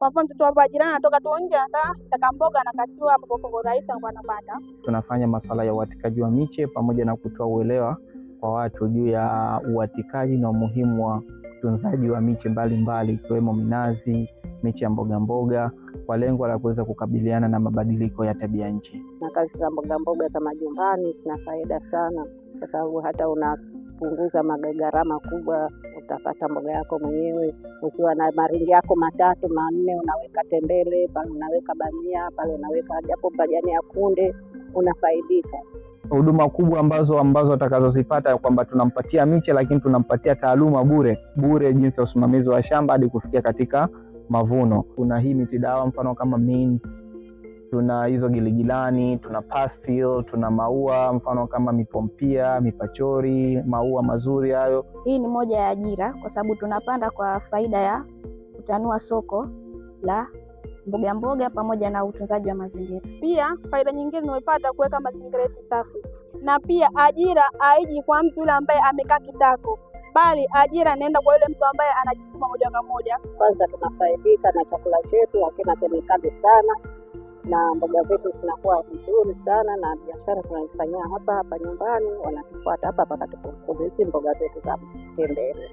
Kwa mfano mtoto wa jirani anatoka tu nje taka mboga anakatiwa hapo kwa rahisi anapata. Tunafanya masuala ya uatikaji wa miche pamoja na kutoa uelewa kwa watu juu ya uatikaji na umuhimu wa utunzaji wa miche mbalimbali ikiwemo mbali, minazi, miche ya mboga mboga kwa lengo la kuweza kukabiliana na mabadiliko ya tabia nchi. Na kazi za mbogamboga za majumbani zina faida sana kwa sababu hata una kupunguza gharama kubwa. Utapata mboga yako mwenyewe, ukiwa na maringi yako matatu manne, unaweka tembele pale, unaweka bamia pale, unaweka japo majani ya kunde, unafaidika. Huduma kubwa ambazo ambazo atakazozipata kwamba tunampatia miche, lakini tunampatia taaluma bure bure, jinsi ya usimamizi wa shamba hadi kufikia katika mavuno. Kuna hii miti dawa mfano kama mint tuna hizo giligilani, tuna pastel, tuna maua mfano kama mipompia, mipachori, maua mazuri hayo. Hii ni moja ya ajira, kwa sababu tunapanda kwa faida ya kutanua soko la mboga mboga pamoja na utunzaji wa mazingira. Pia faida nyingine tunayopata kuweka mazingira yetu safi, na pia ajira haiji kwa mtu yule ambaye amekaa kitako, bali ajira inaenda kwa yule mtu ambaye anajituma moja kwa moja. Kwanza tunafaidika na chakula chetu, hakina kemikali sana na mboga zetu zinakuwa nzuri sana, na biashara tunaifanyia hapa hapa nyumbani, wanatufuata hapa hapa hizi mboga zetu za tembele.